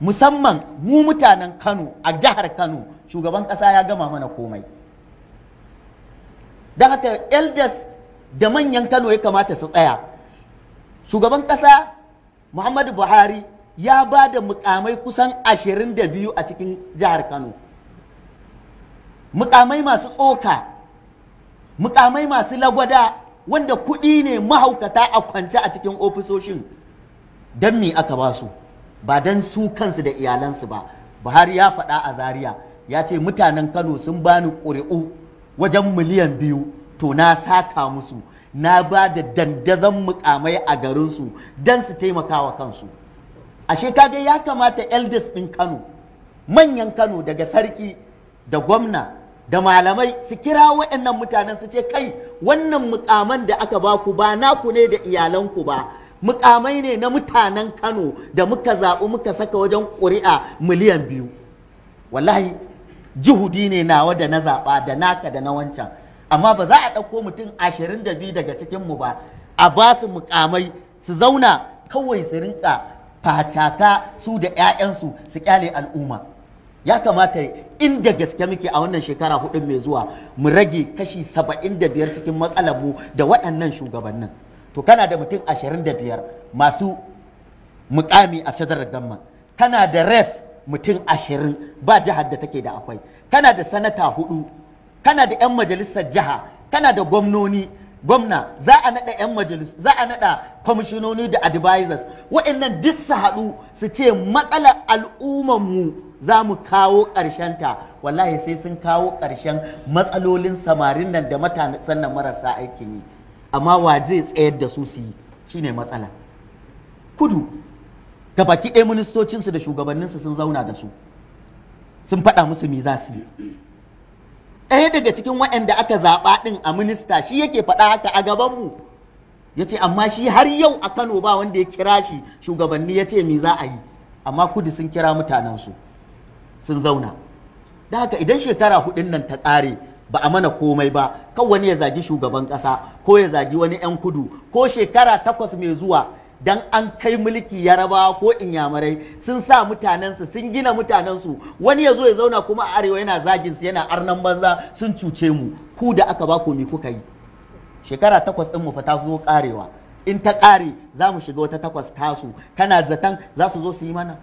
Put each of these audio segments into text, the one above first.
musamman mu mutanen kano a jihar kano shugaban kasa ya gama mana komai don haka elders da manyan kano ya kamata su tsaya shugaban kasa muhammadu buhari ya ba da mukamai kusan 22 a cikin jihar kano mukamai masu tsoka mukamai masu lagwada wanda kudi ne mahaukata a kwance a cikin ofisoshin don me aka ba su ba don su kansu da iyalansu ba buhari ya faɗa a zaria ya ce mutanen kano sun bani ƙuri'u wajen miliyan biyu to na saka musu na ba da dandazon mukamai a garinsu don su taimaka wa kansu ashe kaga ya kamata eldis ɗin kano manyan kano daga sarki da gwamna da malamai su kira waɗannan mutanen su ce kai wannan mukaman da aka baku ba naku ne da iyalanku ba mukamai ne na mutanen Kano da muka zaɓi muka saka wajen ƙuri'a miliyan biyu wallahi juhudi ne nawa da na zaɓa da naka da na wancan amma ba za a ɗauko mutum ashirin da biyu daga cikinmu ba a ba su mukamai su zauna kawai su rinka facata su da 'ya'yansu su kyale al'umma ya kamata inda gaske muke a wannan shekara hudun mai zuwa mu rage kashi saba'in da biyar cikin matsalar mu da waɗannan shugabannin to kana da mutum 25 masu mukami a federal gamma kana da ref mutum 20 ba jihar da take da akwai kana da sanata hudu kana da 'yan majalisar jiha kana da gwamnoni gwamna za a nada 'yan majalis za a nada kwamishinoni da advisors waɗannan duk su haɗu su ce matsalar mu za mu kawo ƙarshen ta wallahi sai sun kawo ƙarshen matsalolin samarin nan da matasan nan marasa aikin yi amma wa zai tsayar da su su yi shine matsala kudu ga baki ɗaya ministocinsu da shugabanninsu sun zauna da su sun faɗa musu me za su yi ɗaya daga cikin waɗanda aka zaɓa ɗin a minista shi yake faɗa haka a gabanmu ya ce amma shi har yau a kano ba wanda ya kira shi shugabanni ya ce me za a yi amma kudu sun kira mutanensu sun zauna da haka idan shekara hudun nan ta ƙare ba a mana komai ba kan wani ya zagi shugaban kasa ko ya zagi wani 'yan kudu ko shekara takwas mai zuwa dan an kai mulki yarabawa ko inyamurai sun sa mutanensu sun gina mutanensu wani ya zo ya zauna kuma a arewa yana zagin su yana arnan banza sun cuce mu ku da aka ba ku me kuka yi shekara takwas din mu fa ta zo karewa in ta kare za mu shiga wata takwas tasu kana zaton za su zo su yi mana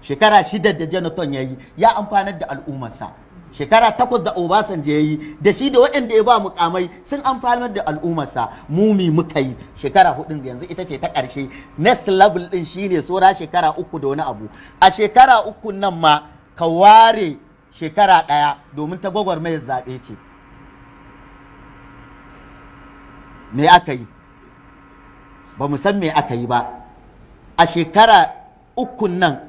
shekara shida da janaton ya yi ya amfanar da al'ummarsa shekara takwas da obasan ya yi da shi da waɗanda ya ba mukamai sun amfanar da al'ummarsa mumi muka yi shekara hudun yanzu ita ce ta ƙarshe next level ɗin shine tsora shekara uku da wani abu a shekara uku nan ma ka ware shekara ɗaya domin ta gwagwarmayar zaɓe ce me aka yi ba mu san me aka yi ba a shekara uku nan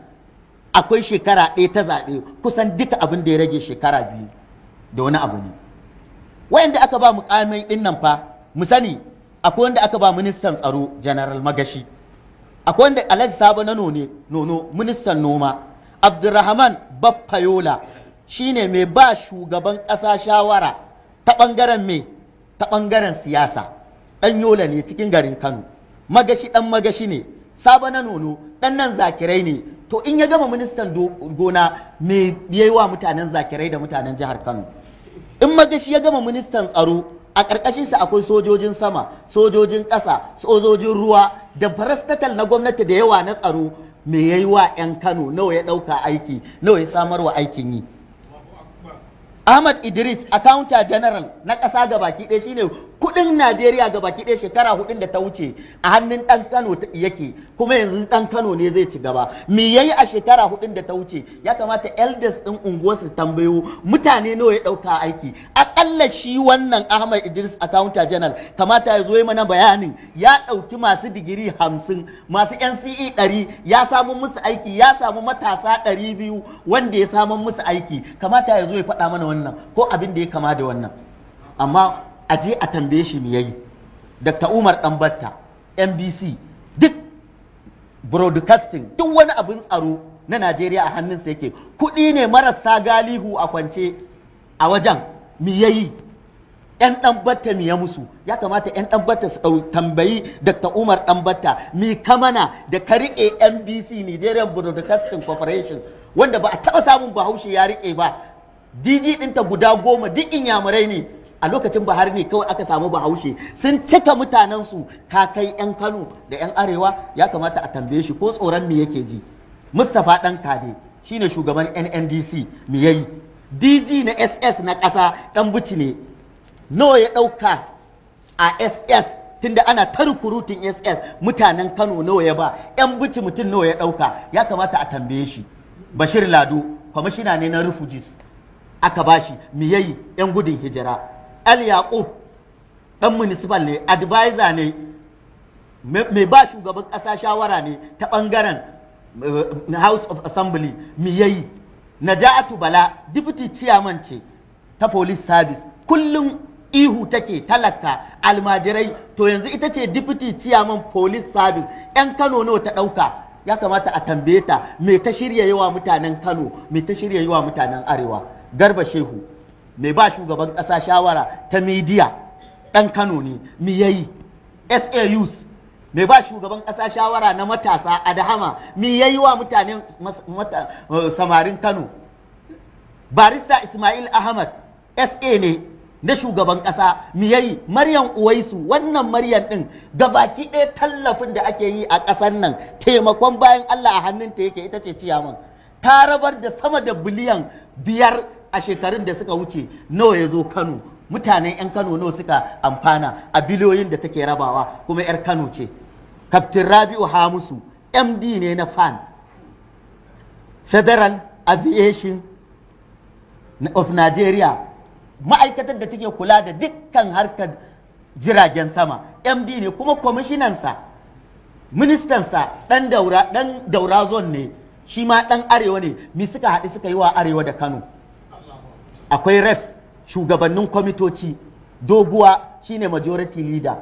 akwai shekara ɗaya ta zaɓe kusan duka abin da ya rage shekara biyu da wani abu ne wayanda aka ba mukamai ɗin nan fa mu sani akwai wanda aka ba ministan tsaro general magashi akwai wanda alhaji sabo na none nono ministan noma abdurrahman baffayola shine mai ba shugaban ƙasa shawara ta ɓangaren me ta ɓangaren siyasa ɗan yola ne cikin garin kano magashi ɗan magashi ne sabon na nono dan nan zakirai ne to in ya gama ministan gona me yayi wa mutanen zakirai da mutanen jihar Kano in magashi ya gama ministan tsaro a ƙarƙashin sa akwai sojojin sama sojojin ƙasa sojojin ruwa da farastatal na gwamnati da yawa na tsaro me yayi wa 'yan Kano nawa ya ɗauka aiki nawa ya samar wa aikin yi Ahmad Idris Accountant General na ƙasa ga baki ɗaya shine kudin Najeriya ga baki ɗaya shekara hudun da ta wuce a hannun ɗan Kano yake kuma yanzu ɗan Kano ne zai ci gaba me yayi a shekara hudun da ta wuce ya kamata elders ɗin unguwar su tambayo mutane nawa ya ɗauka aiki akalla shi wannan Ahmad Idris accountant general kamata ya zo yi mana bayanin ya ɗauki masu digiri hamsin masu NCE ɗari ya samu musu aiki ya samu matasa ɗari biyu wanda ya samu musu aiki kamata ya zo ya faɗa mana wannan ko abin da ya kama da wannan amma a je a tambaye shi me yayi Dr. Umar Danbatta NBC duk broadcasting duk wani abin tsaro na Najeriya a hannunsa yake kuɗi ne marasa galihu a kwance a wajen me yayi yan ɗanbatta ya musu ya kamata yan ɗanbatta su tambayi Dr. Umar ɗanbata mi kamana da ka riƙe MBC Nigerian Broadcasting Corporation wanda ba a taɓa samun bahaushe ya riƙe ba DG ɗinta guda goma duk inyamurai ne a lokacin bahari ne kawai aka samu bahaushe sun cika mutanensu ka kai 'yan kano da 'yan arewa ya kamata a tambaye shi ko tsoron me yake ji mustapha dan kade shine shugaban nndc me yayi dg na ss na ƙasa dan buci ne nawa ya ɗauka a ss tunda ana ta rukurutun ss mutanen kano nawa ya ba 'yan buci mutum nawa ya ɗauka ya kamata a tambaye shi bashir lado kwamishina ne na refugees aka bashi me yayi 'yan gudun hijira al yaqub dan municipal ne advisor ne mai ba shugaban kasa shawara ne ta bangaren eh, house of assembly mi yayi naja'atu bala deputy chairman ce ta police service kullum ihu take talaka almajirai to yanzu ita ce deputy chairman police service 'yan kano nawa ta ɗauka ya kamata a tambaye ta me ta shirya yawa mutanen kano me ta shirya yawa mutanen arewa garba shehu mai ba shugaban ƙasa shawara ta midiya ɗan kano ne mi yayi saus mai ba shugaban ƙasa shawara na matasa a dahama mi yayi wa mutane eh, samarin kano barista ismail ahmad sa ne na shugaban ƙasa mi yayi maryam uwaisu wannan maryam ɗin gabaki ɗaya tallafin da ake yi a ƙasar nan taimakon bayan allah a hannunta yake ita ce ciyaman ta rabar da sama da biliyan biyar a shekarun da suka wuce nawa ya zo kano mutanen 'yan kano nawa suka amfana a biliyoyin da take rabawa kuma 'yar kano ce kaftin rabi'u hamusu md ne na fan federal aviation of nigeria ma'aikatar da take kula da dukkan harkar jiragen sama md ne kuma kwamishinansa ministansa dan daura zone ne shi ma dan arewa ne mi suka haɗu suka yi wa arewa da kano akwai ref shugabannin kwamitoci doguwa shine majority leader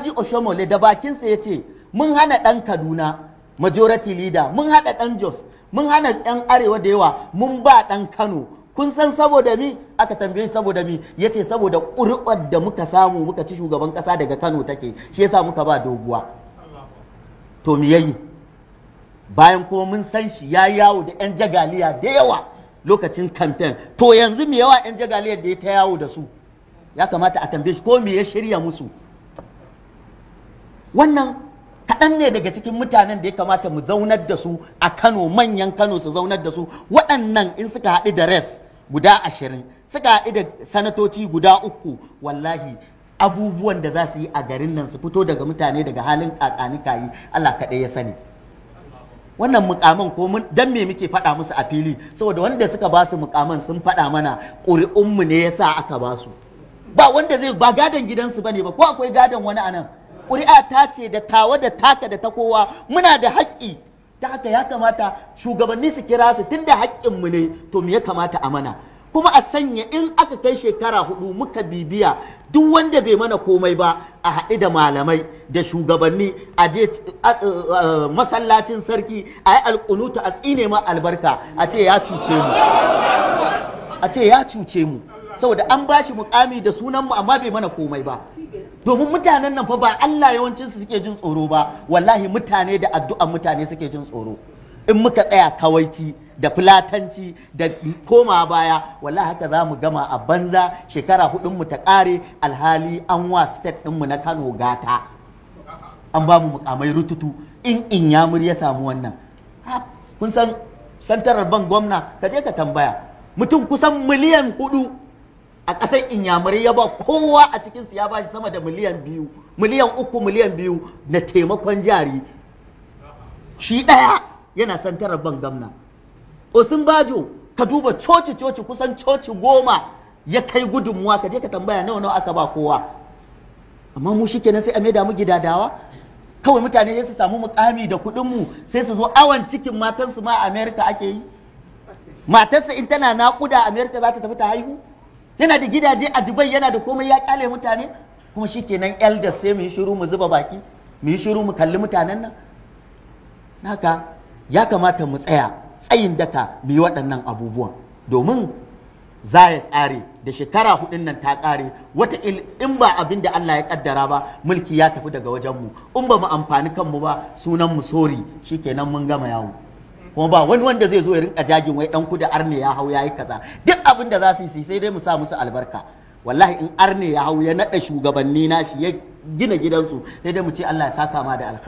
ji oshomole da bakinsa ya ce mun hana dan kaduna majority leader mun hada dan jos mun hana yan arewa da yawa mun ba dan kano kun san saboda mi aka tambaye saboda mi ya saboda ƙuri'ar da muka samu muka ci shugaban ƙasa daga kano take shi yasa muka ba doguwa to mi yayi bayan kuma mun san shi ya yawo da 'yan jagaliya da yawa lokacin kamfen to yanzu me yawa 'yan jagaliyar da ya ta yawo da su ya kamata a tambaye shi ko me ya shirya musu wannan kaɗan ne daga cikin mutanen da ya kamata mu zaunar da su a kano manyan kano su zaunar da su waɗannan in suka haɗu da refs guda ashirin suka haɗu da sanatoci guda uku wallahi abubuwan da za su yi a garin nan su fito daga mutane daga halin ƙaƙani yi allah kaɗai ya sani wannan mukamin ko mun dan me muke faɗa musu a fili saboda wanda suka ba su mukamin sun faɗa mana ƙuri'un mu ne yasa aka ba su ba wanda zai ba gadon gidansu bane ba ko akwai gadon wani anan ƙuri'a ta ce da tawa da taka da ta kowa muna da haƙƙi ta haka ya kamata shugabanni su kira su tunda mu ne to me ya kamata a mana kuma a sanya in aka kai shekara hudu muka bibiya duk wanda bai mana komai ba a haɗu da malamai da shugabanni a je masallacin sarki a yi alƙunuta a tsine ma albarka a ce ya cuce mu a ce ya cuce mu saboda an ba shi mukami da sunan mu amma bai mana komai ba domin mutanen nan fa ba Allah yawancin su suke jin tsoro ba wallahi mutane da addu'an mutane suke jin tsoro in muka tsaya kawaici da filatanci, da koma baya wala haka za mu gama a banza shekara hudun mu ta kare alhali an wa state ɗinmu na kano gata an ba mu mukamai rututu in in yamur ya samu wannan kun san santarar ban gwamna ka je ka tambaya mutum kusan miliyan hudu a ƙasar inyamurai ya ba kowa a cikinsu ya ba shi sama da miliyan biyu miliyan uku miliyan biyu na taimakon jari shi ɗaya yana son ban gamna osin bajo ka duba coci coci kusan coci goma ya kai gudunmuwa ka je ka tambaya nawa nawa aka ba kowa amma mu shi kenan sai a maida mu gidadawa kawai mutane sai su samu mukami da kuɗin mu sai su zo awan cikin matansu ma a America ake yi matarsa in tana naƙuda America za ta tafi ta haihu yana da gidaje a Dubai yana da komai ya kyale mutane kuma shi kenan elders sai mu yi shiru mu zuba baki mu yi shiru mu kalli mutanen nan naka ya kamata mu tsaya tsayin daka mu waɗannan abubuwan domin za ya ƙare da shekara hudun nan ta ƙare wata in ba abin da Allah ya ƙaddara ba mulki ya tafi daga wajen mu in ba mu amfani kanmu ba sunan mu shi kenan mun gama yawo kuma ba wani wanda zai zo ya rinka jagin wai dan kuda arne ya hau yayi kaza duk abin da za su yi sai dai mu sa musu albarka wallahi in arne ya hau ya naɗa shugabanni na shi ya gina gidansu sai dai mu ce Allah ya saka ma da alkhairi